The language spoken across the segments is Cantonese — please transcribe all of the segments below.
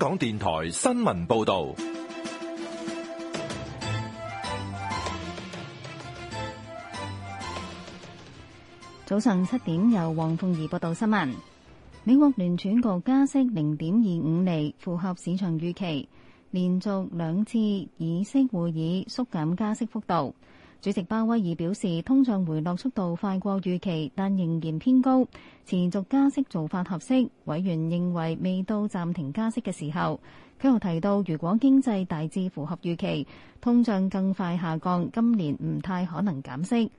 香港電台新聞報道：早上七點，由黃鳳儀報道新聞。美國聯儲局加息零點二五厘，符合市場預期，連續兩次議息會議縮減加息幅度。主席鮑威爾表示，通脹回落速度快過預期，但仍然偏高，持續加息做法合適，委員認為未到暫停加息嘅時候。佢又提到，如果經濟大致符合預期，通脹更快下降，今年唔太可能減息。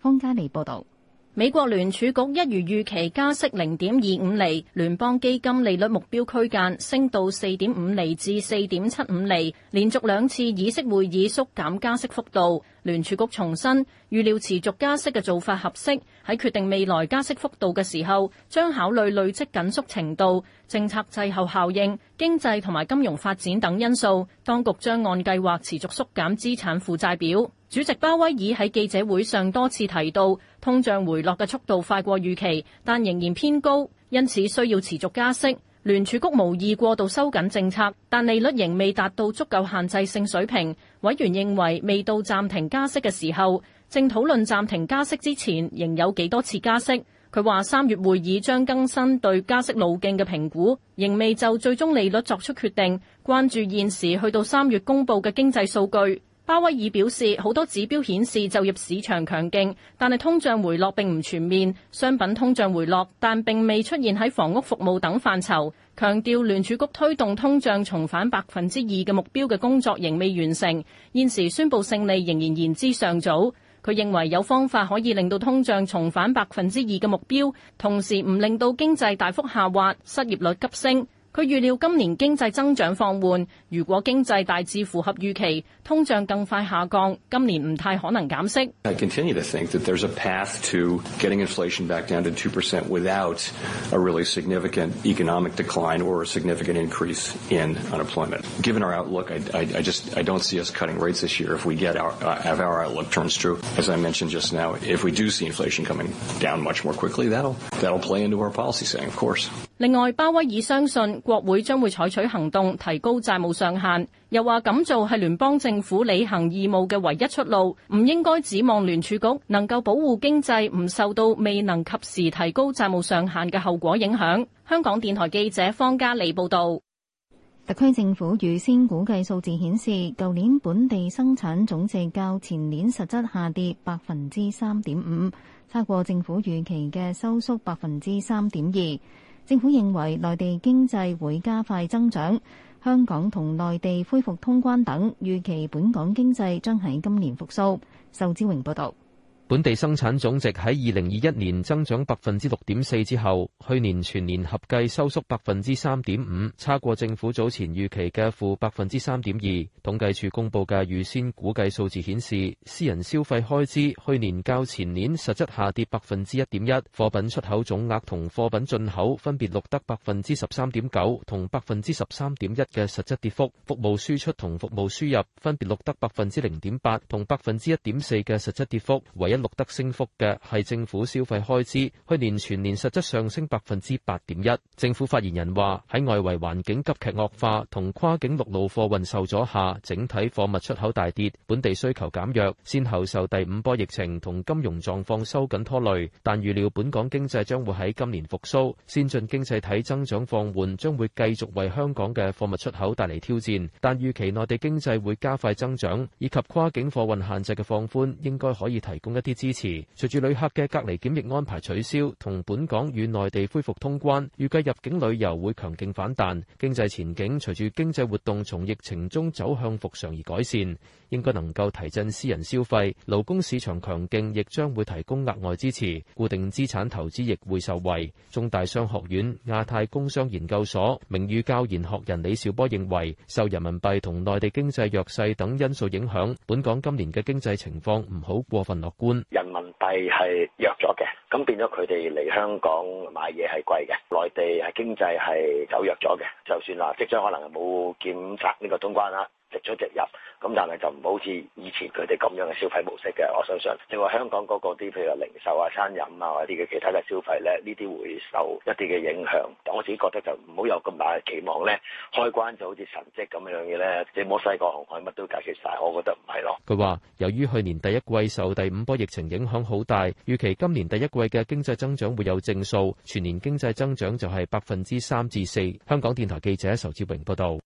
方嘉莉報道。美國聯儲局一如預期加息零點二五厘，聯邦基金利率目標區間升到四點五厘至四點七五厘，連續兩次議息會議縮減加息幅度。聯儲局重申，預料持續加息嘅做法合適，喺決定未來加息幅度嘅時候，將考慮累積緊縮程度、政策滯後效應、經濟同埋金融發展等因素。當局將按計劃持續縮減資產負債表。主席鮑威爾喺記者會上多次提到。通脹回落嘅速度快過預期，但仍然偏高，因此需要持續加息。聯儲局無意過度收緊政策，但利率仍未達到足夠限制性水平。委員認為未到暫停加息嘅時候，正討論暫停加息之前仍有幾多次加息。佢話三月會議將更新對加息路徑嘅評估，仍未就最終利率作出決定。關注現時去到三月公布嘅經濟數據。鮑威爾表示，好多指標顯示就業市場強勁，但係通脹回落並唔全面。商品通脹回落，但並未出現喺房屋服務等範疇。強調聯儲局推動通脹重返百分之二嘅目標嘅工作仍未完成，現時宣布勝利仍然言之尚早。佢認為有方法可以令到通脹重返百分之二嘅目標，同時唔令到經濟大幅下滑、失業率急升。佢預料今年經濟增長放緩，如果經濟大致符合預期，通脹更快下降，今年唔太可能減息。另外，鮑威爾相信國會將會採取行動提高債務上限，又話咁做係聯邦政府履行義務嘅唯一出路，唔應該指望聯儲局能夠保護經濟唔受到未能及時提高債務上限嘅後果影響，香港電台記者方嘉利報道。特區政府預先估計數字顯示，舊年本地生產總值較前年實質下跌百分之三點五，差過政府預期嘅收縮百分之三點二。政府認為內地經濟會加快增長，香港同內地恢復通關等，預期本港經濟將喺今年復甦。仇志榮報道。本地生產總值喺二零二一年增長百分之六點四之後，去年全年合計收縮百分之三點五，差過政府早前預期嘅負百分之三點二。統計處公布嘅預先估計數字顯示，私人消費開支去年較前年實質下跌百分之一點一，貨品出口總額同貨品進口分別錄得百分之十三點九同百分之十三點一嘅實質跌幅，服務輸出同服務輸入分別錄得百分之零點八同百分之一點四嘅實質跌幅，唯一，錄得升幅嘅係政府消費開支，去年全年實質上升百分之八點一。政府發言人話：喺外圍環境急劇惡化同跨境陸路貨運受阻下，整體貨物出口大跌，本地需求減弱，先後受第五波疫情同金融狀況收緊拖累。但預料本港經濟將會喺今年復蘇，先進經濟體增長放緩將會繼續為香港嘅貨物出口帶嚟挑戰。但預期內地經濟會加快增長，以及跨境貨運限制嘅放寬，應該可以提供一啲支持，隨住旅客嘅隔離檢疫安排取消，同本港與內地恢復通關，預計入境旅遊會強勁反彈，經濟前景隨住經濟活動從疫情中走向復常而改善，應該能夠提振私人消費，勞工市場強勁亦將會提供額外支持，固定資產投資亦會受惠。中大商學院亞太工商研究所名譽教研學人李兆波認為，受人民幣同內地經濟弱勢等因素影響，本港今年嘅經濟情況唔好過分樂觀。人民幣係弱咗嘅，咁變咗佢哋嚟香港買嘢係貴嘅。內地係經濟係走弱咗嘅，就算啦，即將可能係冇檢測呢個通關啦。直出直入，咁但係就唔好似以前佢哋咁樣嘅消費模式嘅。我相信，正話香港嗰個啲，譬如話零售啊、餐飲啊，或啲嘅其他嘅消費咧，呢啲會受一啲嘅影響。但我自己覺得就唔好有咁大嘅期望咧，開關就好似神蹟咁樣嘅咧，即係摩西過紅海，乜都解決晒。我覺得唔係咯。佢話：由於去年第一季受第五波疫情影響好大，預期今年第一季嘅經濟增長會有正數，全年經濟增長就係百分之三至四。香港電台記者仇志榮報道。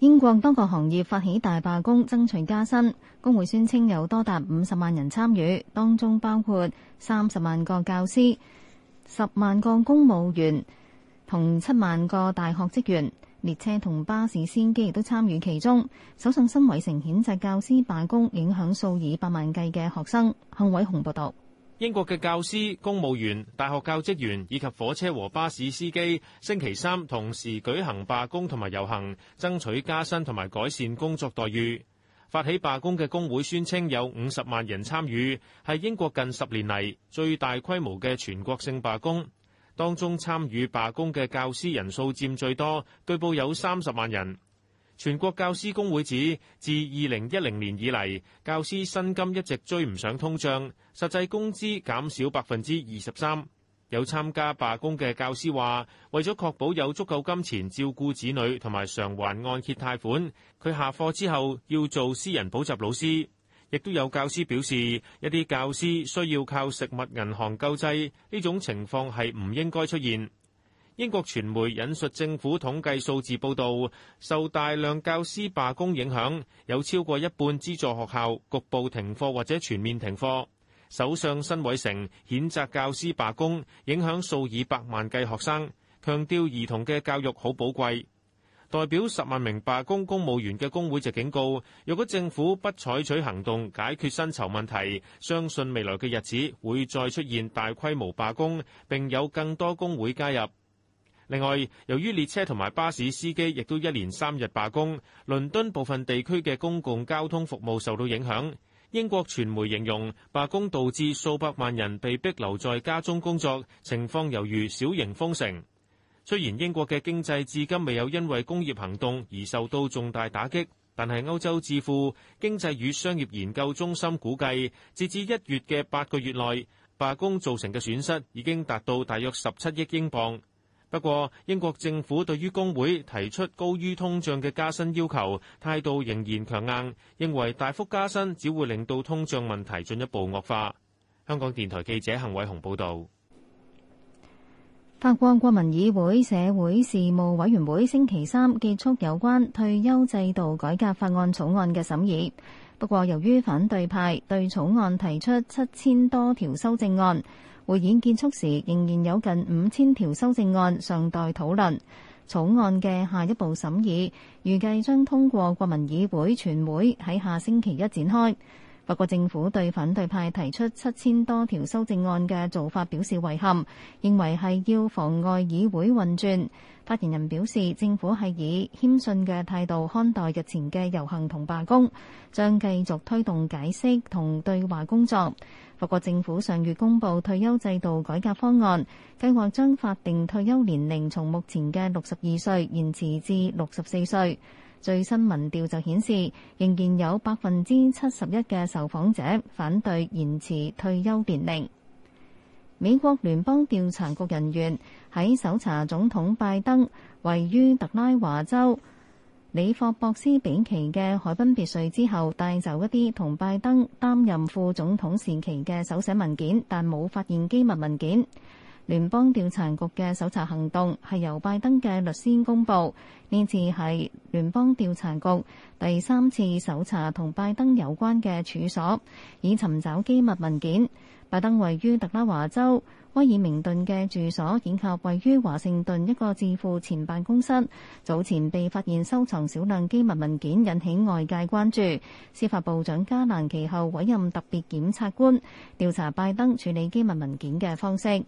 英國多個行業發起大罷工，爭取加薪。工會宣稱有多達五十萬人參與，當中包括三十萬個教師、十萬個公務員同七萬個大學職員。列車同巴士司機亦都參與其中。首相新偉成譴責教師罷工，影響數以百萬計嘅學生。向偉雄報道。英國嘅教師、公務員、大學教職員以及火車和巴士司機，星期三同時舉行罷工同埋遊行，爭取加薪同埋改善工作待遇。發起罷工嘅工會宣稱有五十萬人參與，係英國近十年嚟最大規模嘅全國性罷工。當中參與罷工嘅教師人數佔最多，據報有三十萬人。全國教師工會指，自二零一零年以嚟，教師薪金一直追唔上通脹，實際工資減少百分之二十三。有參加罷工嘅教師話，為咗確保有足夠金錢照顧子女同埋償還按揭貸款，佢下課之後要做私人補習老師。亦都有教師表示，一啲教師需要靠食物銀行救濟，呢種情況係唔應該出現。英國傳媒引述政府統計數字報導，受大量教師罷工影響，有超過一半資助學校局部停課或者全面停課。首相辛偉誠譴責教師罷工影響數以百萬計學生，強調兒童嘅教育好寶貴。代表十萬名罷工公務員嘅工會就警告，若果政府不採取行動解決薪酬問題，相信未來嘅日子會再出現大規模罷工，並有更多工會加入。另外，由於列車同埋巴士司機亦都一連三日罷工，倫敦部分地區嘅公共交通服務受到影響。英國傳媒形容罷工導致數百萬人被逼留在家中工作，情況猶如小型封城。雖然英國嘅經濟至今未有因為工業行動而受到重大打擊，但係歐洲智庫經濟與商業研究中心估計，截至一月嘅八個月內，罷工造成嘅損失已經達到大約十七億英鎊。不過，英國政府對於工會提出高於通脹嘅加薪要求態度仍然強硬，認為大幅加薪只會令到通脹問題進一步惡化。香港電台記者恆偉雄報導。法國國民議會社會事務委員會星期三結束有關退休制度改革法案草案嘅審議，不過由於反對派對草案提出七千多條修正案。會議結束時，仍然有近五千條修正案尚待討論。草案嘅下一步審議，預計將通過國民議會全會喺下星期一展開。法國政府對反對派提出七千多條修正案嘅做法表示遺憾，認為係要妨礙議會運轉。發言人表示，政府係以謙遜嘅態度看待日前嘅遊行同罷工，將繼續推動解釋同對話工作。法國政府上月公布退休制度改革方案，計劃將法定退休年齡從目前嘅六十二歲延遲至六十四歲。最新民調就顯示，仍然有百分之七十一嘅受訪者反對延遲退休年齡。美國聯邦調查局人員喺搜查總統拜登位於特拉華州里霍博斯比奇嘅海濱別墅之後，帶走一啲同拜登擔任副總統時期嘅手寫文件，但冇發現機密文件。聯邦調查局嘅搜查行動係由拜登嘅律師公佈。呢次係聯邦調查局第三次搜查同拜登有關嘅處所，以尋找機密文件。拜登位於特拉華州威爾明頓嘅住所，以及位於華盛頓一個智庫前辦公室，早前被發現收藏少量機密文件，引起外界關注。司法部長加蘭其後委任特別檢察官調查拜登處理機密文件嘅方式。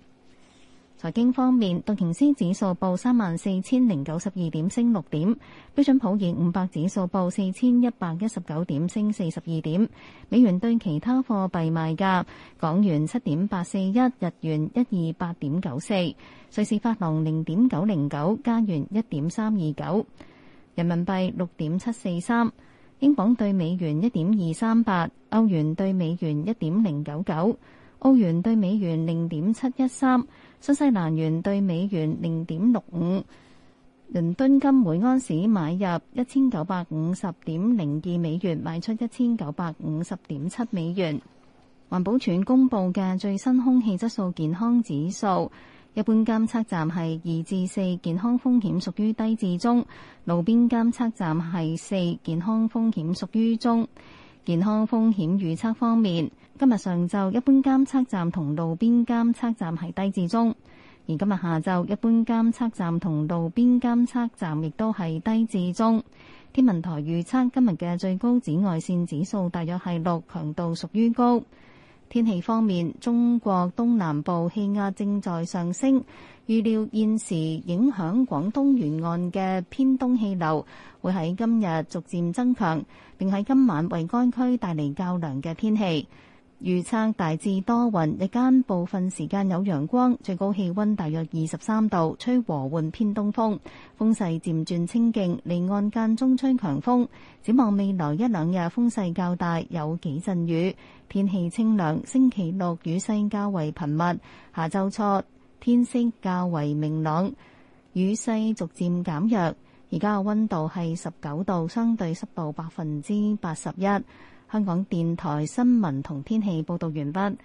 財經方面，道瓊斯指數報三萬四千零九十二點，升六點；標準普爾五百指數報四千一百一十九點，升四十二點。美元對其他貨幣賣價，港元七點八四一，日元一二八點九四，瑞士法郎零點九零九，加元一點三二九，人民幣六點七四三，英鎊對美元一點二三八，歐元對美元一點零九九，澳元對美元零點七一三。新西蘭元對美元零點六五，倫敦金每安士買入一千九百五十點零二美元，賣出一千九百五十點七美元。環保署公布嘅最新空氣質素健康指數，一般監測站係二至四，健康風險屬於低至中；路邊監測站係四，健康風險屬於中。健康風險預測方面，今日上晝一般監測站同路邊監測站係低至中，而今日下晝一般監測站同路邊監測站亦都係低至中。天文台預測，今日嘅最高紫外線指數大約係六，強度屬於高。天氣方面，中國東南部氣壓正在上升，預料現時影響廣東沿岸嘅偏東氣流會喺今日逐漸增強，並喺今晚為該區帶嚟較涼嘅天氣。預測大致多雲，日間部分時間有陽光，最高氣溫大約二十三度，吹和緩偏東風，風勢漸轉清勁，離岸間中吹強風。展望未來一兩日風勢較大，有幾陣雨，天氣清涼。星期六雨勢較為頻密，下周初天色較為明朗，雨勢逐漸減弱。而家嘅溫度係十九度，相對濕度百分之八十一。香港電台新聞同天氣報道完畢。